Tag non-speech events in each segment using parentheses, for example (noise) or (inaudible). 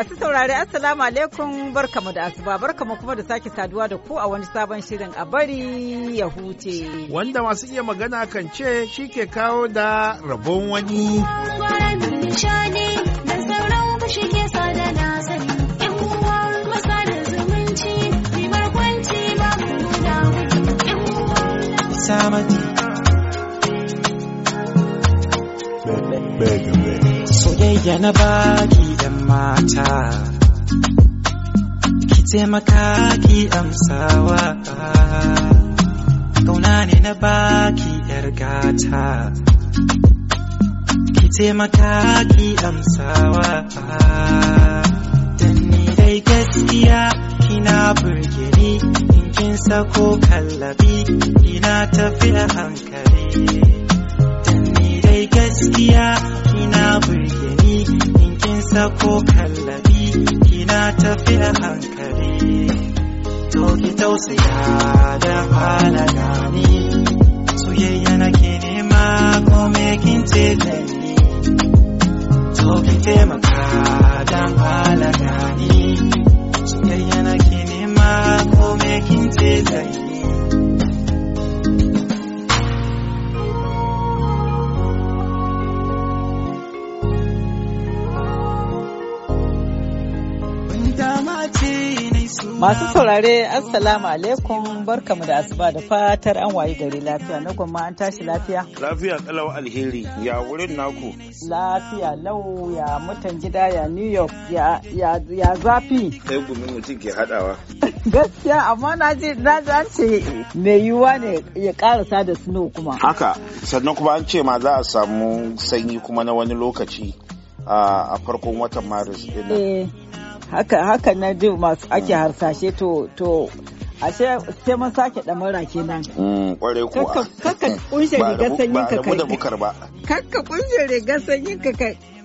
Masu saurari Assalamu alaikum barkamu da asuba barkamu kuma da sake saduwa da ku a wani sabon shirin a bari ya huce. Wanda masu iya magana kan ce shi ke kawo da rabon wani. da ke na zumunci, Samadi. soyayya na baki dan mata ki taimaka ki amsawa kauna ne na baki yar gata ki taimaka ki amsawa dan ni dai gaskiya kina burge ni in kin sako kallabi ina tafi a hankali dan dai gaskiya kina burgeni. ko kallabi kina tafiya hankali to ki tausaya da halala ni soyayya nake nema ko me kin ce ni to ki taimaka da halala ni soyayya ke nema ko me kin ce ni Masu saurare Assalamu alaikum barkamu da asuba da fatar an wayi gari lafiya na gwamma an tashi lafiya. Lafiya kalau alheri ya wurin naku. Lafiya lau ya mutan gida ya New York ya zafi. Kai gumi mutum ke hadawa. (laughs) Gaskiya amma na ji na ji an ce mai yiwuwa ne ya karasa da snow kuma. Haka sannan kuma an ce ma za a samu sanyi kuma na wani lokaci a farkon watan Maris. haka haka na ji masu ake mm. harsashe to to ashe sai mun sake da damara kenan kware mm, kuwa kakka kunshe (laughs) rigar sanyin ka kai da bukar ba kakka kunshe rigar sanyin ka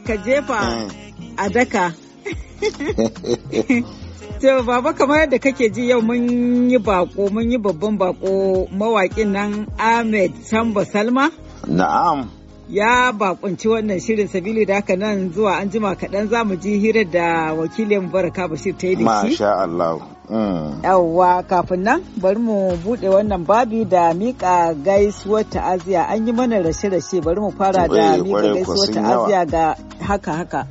ka jefa mm. a daka (laughs) to baba kamar yadda kake ji yau mun yi bako mun yi babban bako mawakin nan Ahmed Samba Salma na'am ya bakunci wannan shirin sabili da haka nan zuwa an jima kaɗan za mu ji hira da wakilin baraka bashir ta yi da shi masha Allah mm. yawwa kafin nan bari mu buɗe wannan babi da mika gaisuwar ta'aziya an yi mana rashe-rashe bari mu fara da eh, mika gaisuwar ta'aziya ga haka haka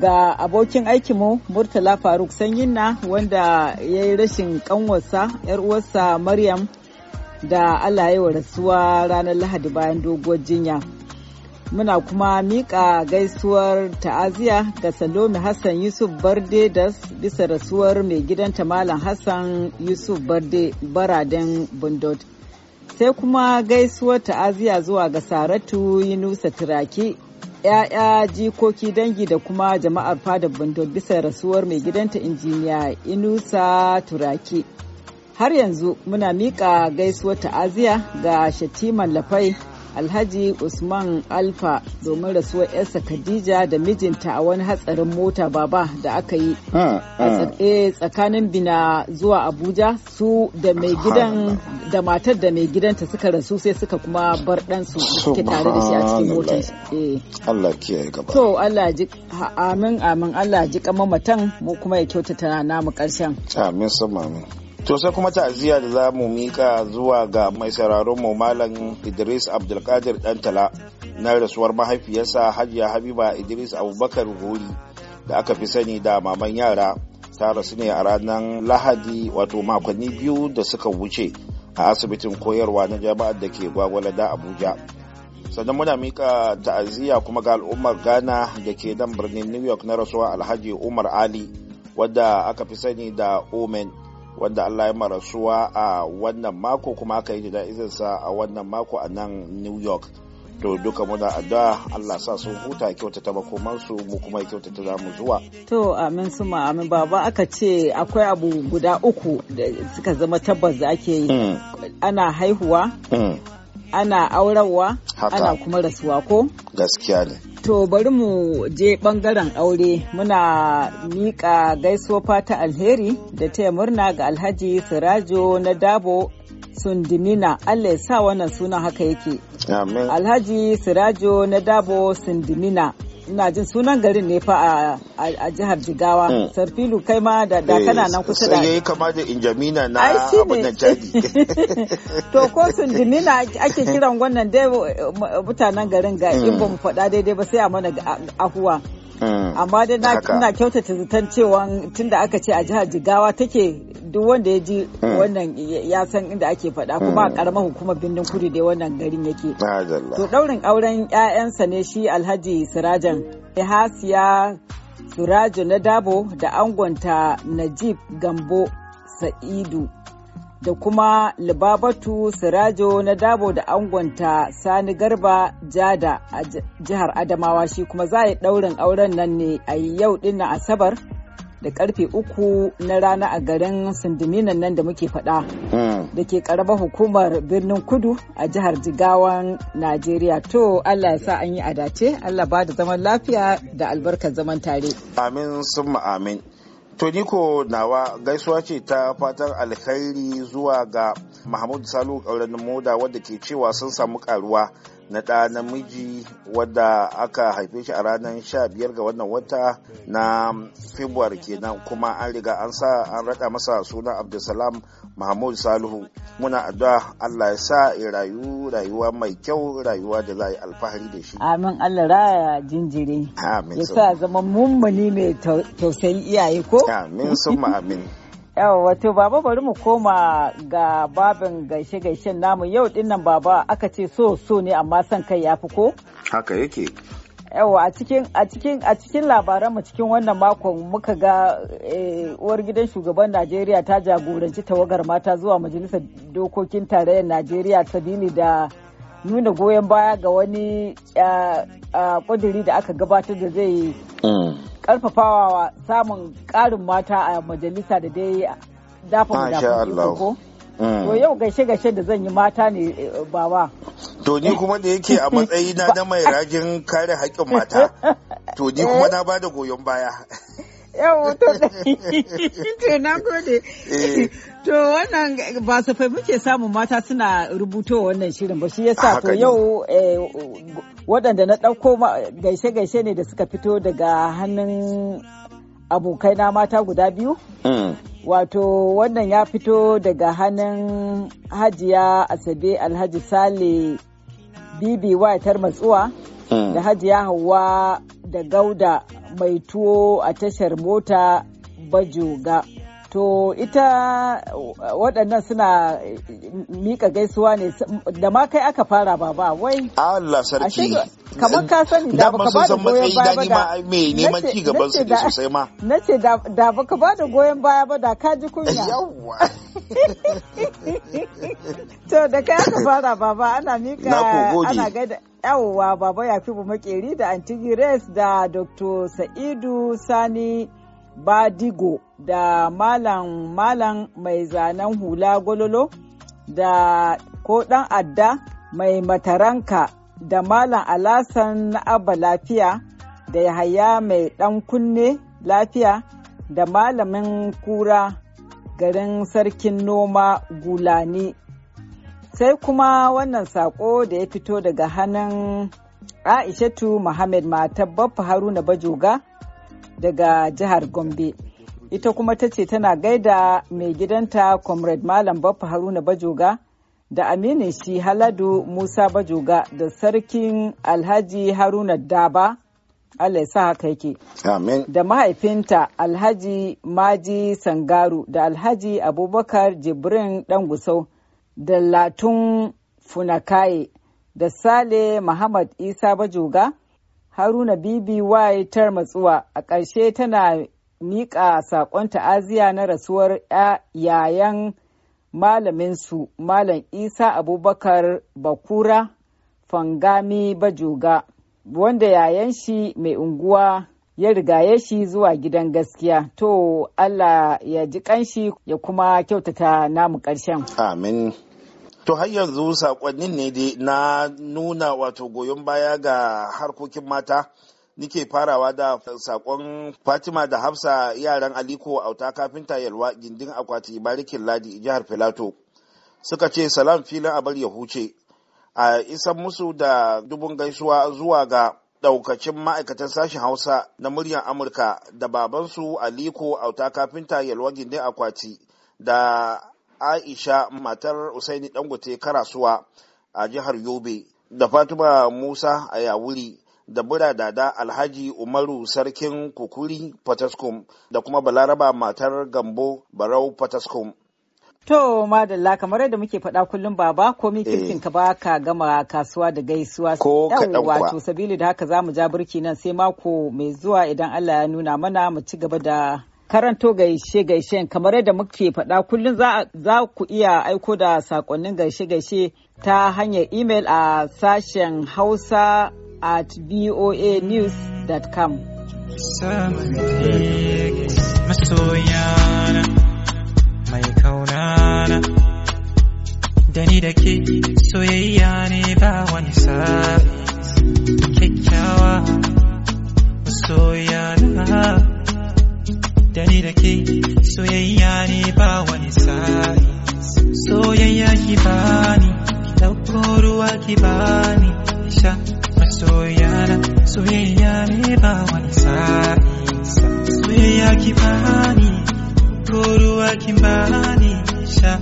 ga abokin aikinmu murtala faruk na wanda ya yi rashin kanwarsa yar uwarsa maryam da allah ya wa rasuwa ranar lahadi bayan doguwar jinya Muna kuma miƙa gaisuwar ta'aziya ga Salome Hassan Yusuf Barde da bisa rasuwar mai gidanta Malam Hassan Yusuf Barde baraden bundod Sai kuma gaisuwar ta'aziya zuwa ga Saratu yinusa Turaki ‘ya'ya jikoki dangi da kuma jama'ar fada bundod bisa rasuwar mai gidanta injiniya inusa turaki har yanzu muna miƙa gaisuwar ta'aziya ga shatiman lafai alhaji usman alfa domin rasuwar yarsa khadija da mijinta a wani hatsarin mota baba da aka yi A eh, tsakanin bina zuwa abuja su da mai gidan da matar da mai gidanta suka rasu sai suka kuma bar ɗansu da suke tare da shi a cikin motar eh. Allah kiyaye gaba to Allah ji amin amin Allah ji matan mu kuma ya kyautata namu ƙarshen amin sama amin To sai kuma ta'aziyya da za mu mika zuwa ga mai sauraron mu Malam Idris Abdulkadir tala na rasuwar mahaifiyarsa Hajiya Habiba Idris Abubakar Gori da aka fi sani da maman yara ta rasu ne a ranar Lahadi wato makonni biyu da suka wuce a asibitin koyarwa na jami'ar da ke gwagwalada Abuja. sannan muna mika ta'aziyya kuma ga al'ummar ghana da ke nan birnin new york na rasuwar alhaji umar ali wadda aka fi sani da omen wanda Allah ya marasuwa a wannan mako kuma aka yi sa a wannan mako a nan New York. to duka muna addu'a Allah sa sun huta kyautata makomansu mu kuma kyautata za mu zuwa to amin suma amin baba aka ce akwai abu guda uku da suka zama tabbas da ake yi hmm. ana haihuwa hmm. ana aurarwa ana kuma rasuwa ko gaskiya ne To bari mu je bangaren aure muna miƙa gaisuwa ta alheri da taya murna ga alhaji Sirajo na Dabo Sundimina Allah ya sa wannan suna haka yake. Alhaji Sirajo na Dabo Sundimina ina jin sunan garin ne fa a jihar Jigawa. Hmm. Sarfilu kai ma da eh, kana nan kusa da. Sai kama da Injamina na abin nan jadi. (laughs) To ko Sundumina ake kiran wannan dai eh, eh, mutanen garin ga in hmm. ba faɗa daidai ba sai a mana ahuwa. Mm. amma dai na kyautata zaton cewa da aka ce a jihar jigawa take duk wanda ya ji mm. wannan ya san inda ake faɗa kuma a mm. karamar hukumar birnin kudu dai wannan garin yake to daurin auren 'ya'yansa ne shi alhaji sirajan hasiya surajo na dabo da angonta najib gambo sa'idu da kuma Libabatu Sirajo na Dabo da angonta Sani Garba Jada a jihar Adamawa shi kuma za a yi ɗaurin auren nan ne a yau ɗin na Asabar da karfe uku na rana a garin Sindiminan nan da muke faɗa hmm. da ke karaba hukumar birnin Kudu a jihar Jigawan Najeriya. To Allah ya sa an yi adace, Allah ba da zaman lafiya da albarkar zaman tare. Amin sun amin. toniko nawa gaisuwa ce ta fatan alkhairi zuwa ga Mahmud Salu ƙauren moda wadda ke cewa sun samu karuwa na ɗa namiji wadda aka haife shi a ranar 15 ga wannan wata na February kenan kuma an riga an sa an raɗa masa suna Abdulsalam Mahmud Salihu muna addu'a Allah ya sa ya rayu rayuwa mai kyau rayuwa da za a yi alfahari da shi. Amin Allah raya jinjiri. Amin. Ya sa zama mummuni mai tausayin iyaye ko? Amin sun amin. (laughs) Yawa wato baba bari mu koma ga babin gaishe-gaishen namu yau dinnan baba aka ce so so ne amma son kai ya fi ko? Haka yake. yawa a cikin a cikin a cikin labaran mu cikin wannan makon muka ga eh, uwar gidan shugaban Najeriya ta jagoranci tawagar mata zuwa majalisar dokokin tarayyar Najeriya dini da nuna goyon baya ga wani kuduri da aka gabatar da zai mm. karfafawa samun karin mata a majalisa da dai dafa da ko mm. yau gaishe-gaishe da zan yi mata ne eh, baba. to ni kuma da yake a matsayi na mai rajin kare haƙƙin mata to ni kuma na bada goyon baya yau (laughs) to na gode eh. to wannan ba su fai muke samun mata suna rubuto wannan shirin ba shi yasa to yau eh, waɗanda na ɗauko gaishe-gaishe ne da suka fito daga hannun abokai na mata guda biyu hmm. wato wannan ya fito daga hannun hajiya asabe alhaji sale bibi wayatar matsuwa mm. da hajiya hawa da gauda mai tuwo a tashar mota bajoga To ita waɗannan suna mika gaisuwa ne da ma kai aka fara ba ba wai. Allah sarki. Kamar ka sani da baka ba da goyon baya ba da. mai neman ci gaban su sosai ma. Na ce da baka ba da goyon baya ba da ka ji kunya. (laughs) Yawwa. (laughs) To da kai aka fara ba ba ana mika ana gaida. Yawwa baba ya fi makeri da Antigires da Dr. Sa'idu Sani Badigo da Malam Malam mai zanen hula gololo da ko ɗan adda mai mataranka da Malam Alasan na Abba lafiya da Yahaya mai ɗan kunne lafiya da Malamin kura garin sarkin noma gulani. Sai kuma wannan saƙo da ya fito daga hannun Aishatu Muhammad matar Baffa Haruna Bajoga. daga jihar Gombe. Ita kuma ta ce tana gaida mai gidanta Comrade Malam Baffa Haruna Bajoga da aminin shi Haladu Musa Bajoga da sarkin Alhaji Haruna Daba. Allah ya sa haka yake. Amin. Da mahaifinta Alhaji Maji Sangaru da Alhaji Abubakar Jibrin Dangusau da Latun Funakaye da Sale Muhammad Isa Bajoga Haruna Bibi Wai matsuwa a ƙarshe tana miƙa saƙon ta'aziya na rasuwar yayan malaminsu Malam Isa Abubakar Bakura Fangami Bajoga wanda yayan shi mai unguwa ya rigaye shi zuwa gidan gaskiya to Allah ya ji kanshi ya kuma kyautata namu ƙarshen. Amin. To har yanzu sakonnin ne dai na nuna wato goyon baya ga harkokin mata nike farawa da sakon Fatima da Hafsa yaran Aliko auta kafinta yalwa gindin akwati barikin ladi jihar Filato. Suka ce salam filin abar ya huce a isan musu da dubun gaisuwa zuwa ga daukacin ma'aikatan sashen Hausa na muryar Amurka da babansu Aliko auta kafinta yalwa gindin akwati da aisha matar usaini dangote karasuwa a jihar yobe da fatima musa a yawuri da bura dada alhaji umaru sarkin kukuri fataskum da kuma balaraba matar gambo barau fataskum To madalla kamar yadda muke faɗa kullum baba komi eh. kirkin ka ba ka gama kasuwa da gaisuwa ko wato sabili da haka za mu ja birki nan sai mako mai zuwa idan Allah ya nuna mana mu ci gaba da karanto gaishe gaishe kamar yadda muke faɗa kullum za ku iya aiko da saƙonnin gaishe gaishe ta hanyar imel a sashen hausa at voa masoyana mai kaunana da ni da ke soyayya ne ba wani sabi kyakkyawa na da ni da ke soyayya ne ba wani sa'i soyayya ki bani ki dauko ruwa ki bani sha masoyana soyayya ne ba wani sa'i soyayya ki bani ko ruwa ki bani sha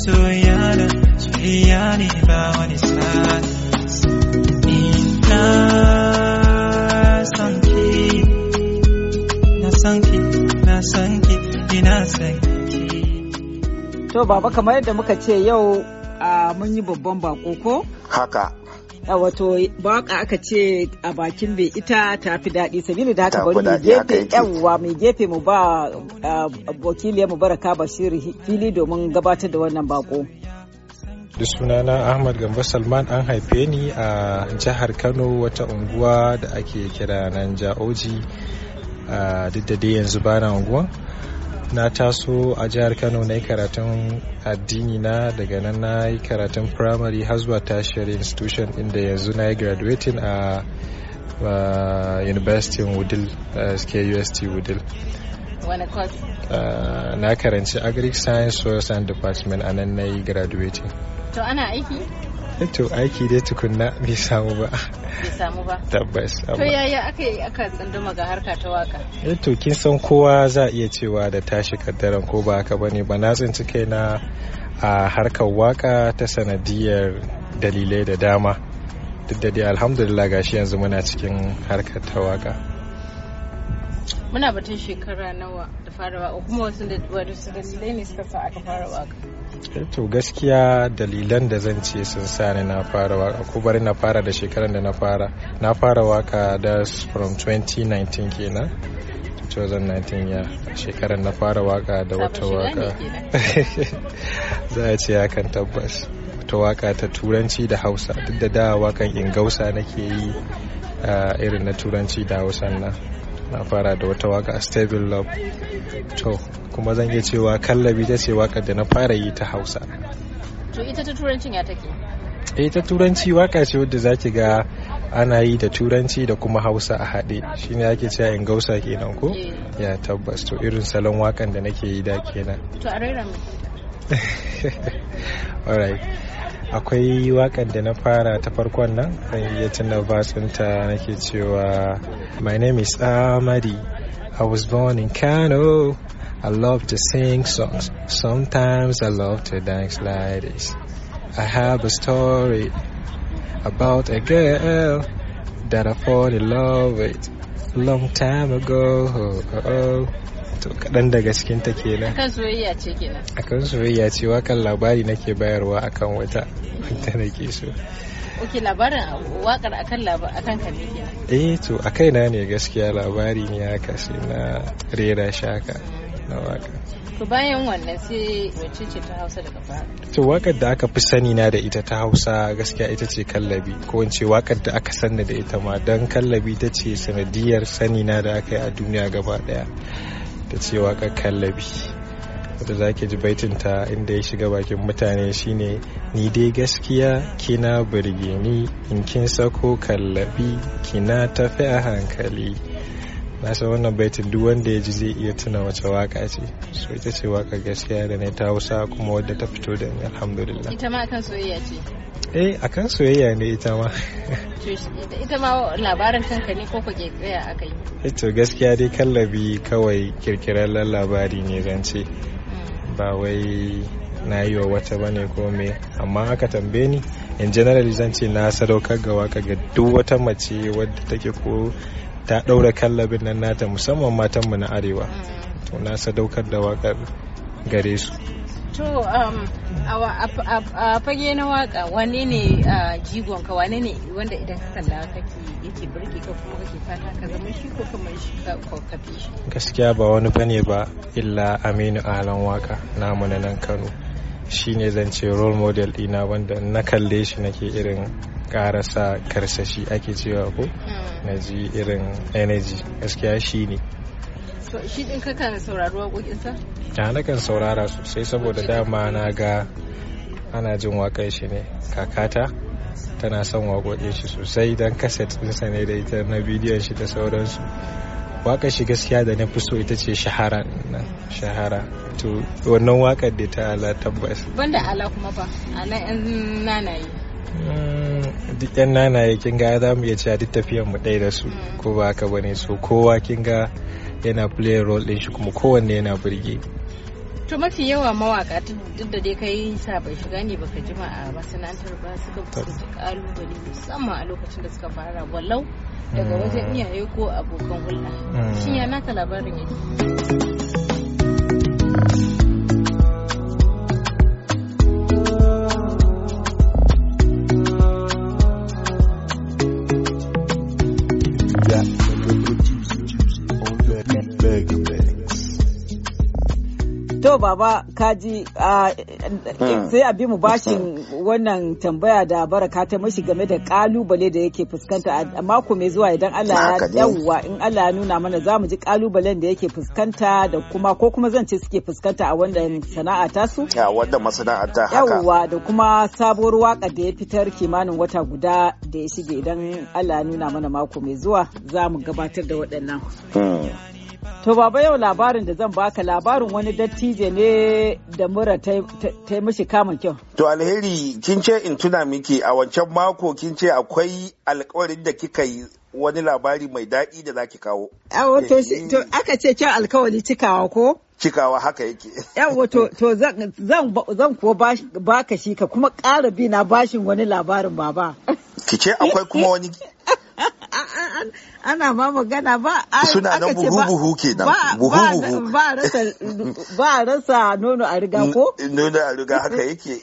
soyayya soyayya ne ba wani sa'i ina san na san to baba kamar yadda muka ce yau mun yi babban bako ko haka a wato baka aka ce a bakin bai ita ta fi daɗi sabili da haka bari mai gefe yawwa mai gefe mu ba wakiliyar mu baraka bashir fili domin gabatar da wannan bako da sunana ahmad gambo salman an haife ni a jihar kano wata unguwa da ake kira nan oji duk da dai yanzu bana unguwa na taso a jihar kano na yi karatun addini na daga nan na yi karatun primary har zuwa tertiary institution inda yanzu na yi graduating a university wudil suke ust wudil na karanci agric science soils and department a nan na yi graduating to ana aiki to aiki dai tukunna bai samu ba samu tabbas to yaya aka yi aka tsunduma ga harka ta waka eh to kin san kowa za iya cewa da tashi kaddaran ko ba haka bane ba na tsinci kaina a harkar waka ta sanadiyar dalilai da dama duk da dai alhamdulillah gashi yanzu muna cikin harkar ta waka muna batun shekara nawa da fara waka kuma wasu dalilai ne suka sa aka fara waka eh, to gaskiya dalilan da zan ce sun sa ni na fara waka ko bari na fara da shekaran da na fara na fara waka da from 2019 kenan 2019 ya shekarar na fara waka da wata waka (laughs) za a ce hakan tabbas wata waka ta turanci da hausa duk da da wakan ingausa nake yi ah, irin na turanci da hausa na na fara da wata waka stable love to kuma zan iya cewa kallabi ta ce waka da na fara yi ta hausa to ita ta turancin ya take eh ta turanci waka ce wadda zaki ga ana yi da turanci da kuma hausa a haɗe shine ake cewa in gausa kenan ko eh. ya tabbas to irin salon wakan da nake yi da kenan to a (laughs) alright akwai waƙar da na fara ta farkon nan zan iya tuna basinta nake cewa my name is amadi i was born in kano i love to sing songs sometimes i love to dance like this i have a story about a girl that i fall in love with long time ago oh, oh, oh. to kaɗan daga cikin ta kenan akan soyayya ce kenan akan soyayya ce wakan labari nake bayarwa akan wata wata nake so ok labarin wakar akan akan ka ne kenan eh to a kaina ne gaskiya labari ne haka sai na rera shaka na waka to bayan wannan sai wacce ce ta hausa daga fara to wakar da aka fi sani na da ita ta hausa gaskiya ita ce kallabi ko in ce wakar da aka sanna da ita ma don kallabi ta ce sanadiyar sani na da aka yi a duniya gaba daya ta ce waƙar kallabi da za ji baitin ta inda ya shiga bakin mutane shine ni dai gaskiya kina birge ni in kin sako kallabi kina tafi a hankali na san wannan baitin duk wanda ya ji zai iya tuna wace waka ce so ita ce waka gaskiya da ne ta hausa kuma wadda ta fito da ni alhamdulillah ita ma akan soyayya ce eh akan soyayya ne ita ma ita ma labarin kanka ne ko ku ke tsaya akai eh to gaskiya dai kallabi kawai kirkirar labari ne zance hmm. ba wai na yi wa wata bane ko me amma aka tambaye ni in general zan ce na sadaukar ga waka ga duk wata mace wadda take ko ta ɗaura kallabin nan nata musamman matan mu na arewa mm. to na sadaukar da wakar gare su to um, a fage na waka wani ne jigon ka wani ne wanda idan ka kalla kake yake burge ka kuma kake fata ka zama shi ko kamar shi ka fi shi gaskiya ba wani bane ba illa aminu alan waka namu na nan kano shine zan ce role model dina wanda na kalle shi nake irin ƙara sa karsashi ake cewa ko hmm. na ji irin energy gaskiya shi ne shi din kaka saurari waƙoƙinsa? ta nakan saurara sosai saboda dama na ga ana jin waƙar shi ne kakata tana son waƙoƙin shi sosai don kaset ɗinsa ne da ita na bidiyon shi da sauransu waƙar shi gaskiya da na fi so ita ce shahara nan shahara to wannan waƙar da ta ala tabbas banda ala kuma ba ala yan nanaye hmm. duk yan nanaye kin ga za mu iya cewa duk tafiyan mu ɗaya da su ko ba haka bane so kowa kin yana play role din shi kuma kowanne yana burge to mafi yawa mawaka duk da dai kai bai shiga ne baka jima a masana'antar ba suka fuskanci kalubale musamman a lokacin da suka fara wallau daga mm. wajen iyaye ko abokan hulɗa shin ya mm. naka labarin yake to baba kaji hmm. sai a bi mu bashin wannan tambaya da baraka ta mashi game da kalubale da yake fuskanta a mako mai zuwa idan Allah ya yawwa in Allah ya nuna mana za mu ji kalubalen da yake fuskanta da kuma ko kuma zan ce suke fuskanta a wannan sana'a ta su a wannan masana'anta haka yawwa da kuma sabuwar waka da ya fitar kimanin wata guda da ya shige idan Allah ya nuna mana mako mai zuwa za mu gabatar da waɗannan hmm. To baba yau labarin da zan baka labarin wani dattijo ne da mura ta yi mishi kamun kyau. To alheri kin ce in tuna miki a wancan mako kin ce akwai alkawarin da kika yi wani labari mai daɗi da zaki kawo. Yawo to eh, eh. aka ce kyau alkawari cikawa ko? Cikawa haka yake. Yawo to zan kuwa baka shi ka kuma ƙara bi na bashin wani labarin baba. Ki ce akwai kuma wani ana ma magana ba suna nan buhu buhu kenan buhu buhu ba rasa rasa nono a riga ko mm, nono a riga haka yake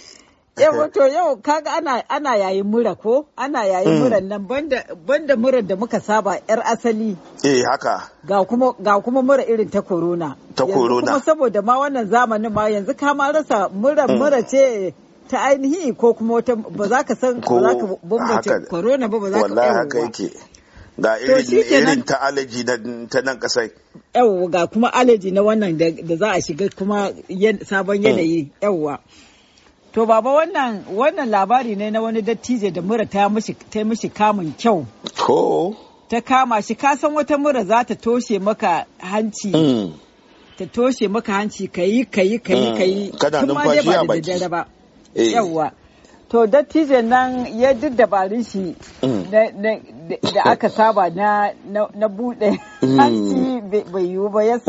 yawa wato yau kaga ana ana yayin mura ko ana yayin mm. muran nan banda banda muran da muka saba yar asali eh haka ga kuma ga kuma mura irin ta corona ta corona kuma saboda ma wannan zamanin ma yanzu ka ma rasa mura mm. mura ce ta ainihi ko kuma wata ba za ka san ba za ka bambance corona ba ba za ka wallahi haka yake ga irin ta alaji ta nan kasai yawwa ga kuma alaji na wannan da za a shiga kuma sabon hmm. yanayi yawwa to baba wannan wannan labari ne na wani dattijo da mura ta mishi kamun kyau ko ta kama shi ka san wata mura za ta toshe maka hanci hmm. ta toshe maka hanci kayi kayi kayi kayi hmm. kana numfashi a ba eh. yawwa to dattijan nan ya duk dabarun shi mm. da aka saba na na bude mm. (laughs) hanci bai yiwu ba ya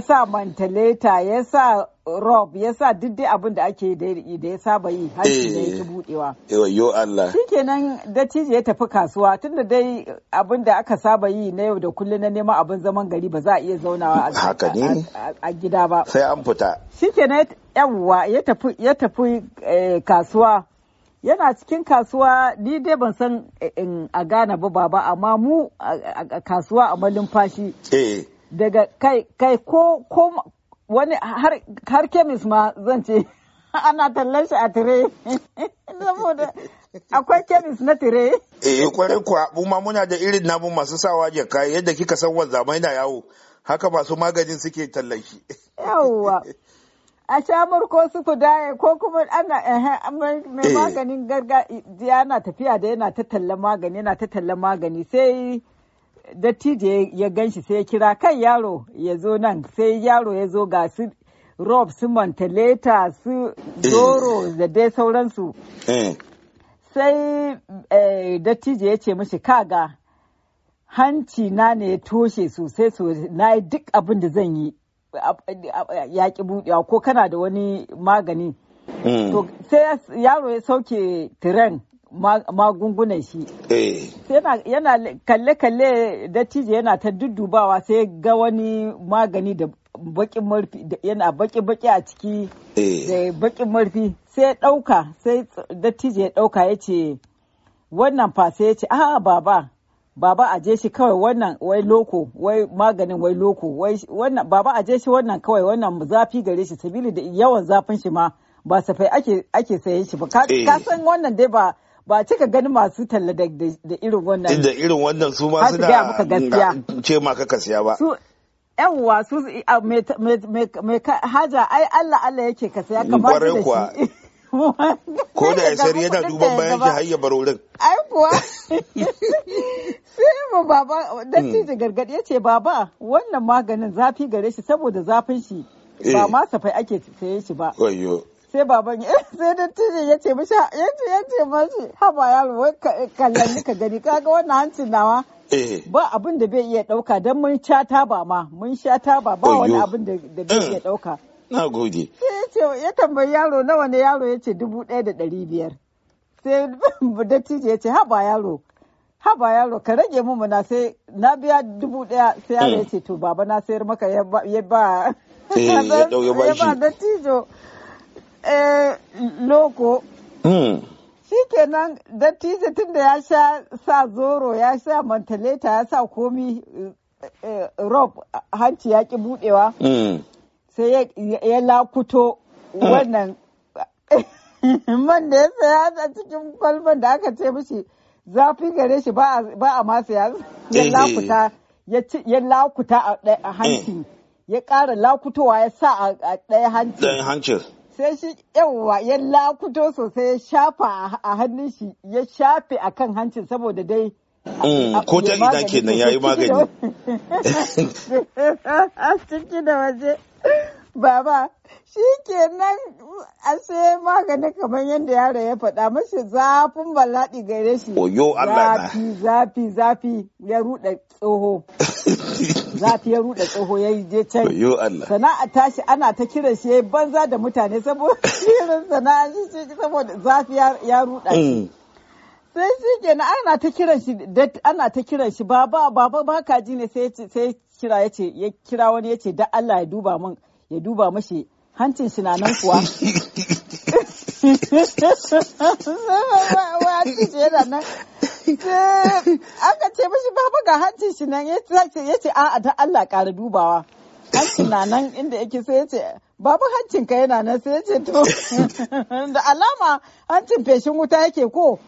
sa mantaleta ya sa rob ya sa duk dai abin da ake da ya saba yi hanci da ya eh. budewa. Yo Allah. Shikenan dattijo ya tafi kasuwa tunda dai abin da aka saba yi na yau da kullum na neman abin zaman gari ba za a iya zaunawa a gida ba. Sai an fita. kenan yawwa ya tafi eh, kasuwa yana cikin kasuwa ni dai ban san eh, in a Ghana ba baba amma mu a kasuwa a malumfashi. Daga kai ko wani har kemis ma zan ce (laughs) ana tallan shi a tire (laughs) saboda akwai kemis na tire eh kwarai kuwa mu ma muna da irin namu masu sawa jaka yadda kika san wanzamai na yawo haka masu maganin suke tallan shi yawwa a shamur ko su kudaye ko kuma ana mai eh. maganin gargajiya yana tafiya da yana ta tallan magani yana ta tallan magani sai dattijo ya gan shi sai ya kira kan yaro ya zo nan sai yaro ya zo ga su rob su montaleta su zoro eh. da dai sauransu eh. sai eh, dattijo ya ce mashi kaga hanci na ne ya toshe sosai so na yi duk abin da zan yi yaƙi buɗewa ko kana da wani magani hmm. to sai yaro ya sauke tiren magungunan shi. Eh. Yana kalle-kalle da tije yana ta duddubawa sai ga wani magani da bakin marfi yana baki-baki a ciki eh. da bakin marfi sai ya ɗauka sai da tije ya ɗauka ya ce wannan fa sai ya ce a'a baba baba a je shi kawai wannan wai loko wai maganin wai loko wai wannan baba a je shi wannan kawai wannan zafi gare shi sabili da yawan zafin shi ma ba safai ake ake shi ba ka eh. san wannan dai ba ba cika gani masu talla da irin wannan da irin wannan su ma suna ce ma ka siya ba yawwa su mai haja ai Allah Allah yake ka saya kamar da shi (laughs) ko da ya sari yana duban bayan shi hayya Barorin. bar wurin ai kuwa (laughs) sai mu baba dattijo hmm. gargadi ya ce baba wannan maganin zafi gare shi saboda zafin shi ba eh. ma safai ake saye shi ba sai baban (laughs) sai dattijo ya ce mishi ya ce ya ce mashi haba ya wai kallon ka gani kaga wannan hancin nawa eh. ba abin da bai iya dauka dan mun sha taba ma mun sha taba ba wani abin da bai iya dauka mm. na gode ya tambayi yaro nawa ne yaro ya ce dubu ɗaya da ɗari biyar sai (laughs) dattijo ya ce haba yaro haba yaro ka rage mu na sai na biya dubu ɗaya sai yaro ya mm. ce to baba na sayar maka ya ba ya ba eh, (laughs) dattijo Eh, loko hmm. shikenan dattijo tun da ya sha sa zoro ya sha mantaleta ya sa komi eh, eh, rob hanci ya ki budewa hmm. sai ya lakuto hmm. wannan (laughs) man da ya saya a cikin kwalban da aka ce mishi zafi gare shi ba a masa ya lakuta ya lakuta a hanci ya ƙara lakutowa ya sa a ɗaya hancin sai shi yawwa ya lakuto sosai ya shafa a hannun shi ya shafe a kan hancin saboda dai mm, ko ta ina kenan ya yi magani (laughs) waje Baba, shi kenan a sai magani kamar yadda yaro ya faɗa mashi zafin balaɗi gare shi. Oyo Allah na. Zafi, zafi, zafi ya ruɗa tsoho. (laughs) Zafi ya ruɗa tsoho ya yi je can. Oyo Allah. Sana'a tashi ana ta kiran shi ya banza da mutane saboda (laughs) shirin sana'a shi saboda zafi ya ruɗa shi. Mm. sai shi kenan ana ta kiran shi ana ta kiran shi baba baba ba kaji ne sai ya kira wani ya kira wani da Allah ya duba min ya duba mashi hancin sinanan kuwa aka ce mashi ba ga hancin sinan ya ce a'a ta Allah ƙara dubawa hancin na nan inda yake sai ya ce babu hancin ka yana nan sai ya ce to da alama hancin feshin wuta yake ko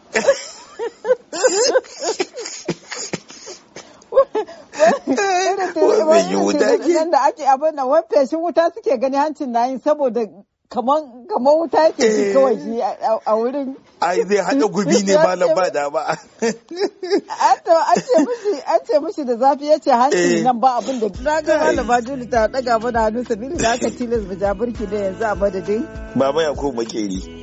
wannan wuta da ake abin da, wani feshin wuta suke gani hancin na yin saboda kaman kaman wuta yake shi kawai shi a wurin ai zai hada gubi ne ba nan ba da ba an ce mushi an ce mushi da zafi yace hancin nan ba abin da na ga malama Juli ta daga mana hannu sabili da aka tilas bijabirki da yanzu a madadin baba yakub makeri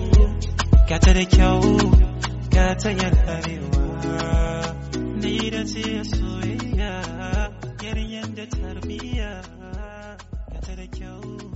gata da kyau gata yar arewa ni da ce soyayya yarinyar da tarbiyya gata da kyau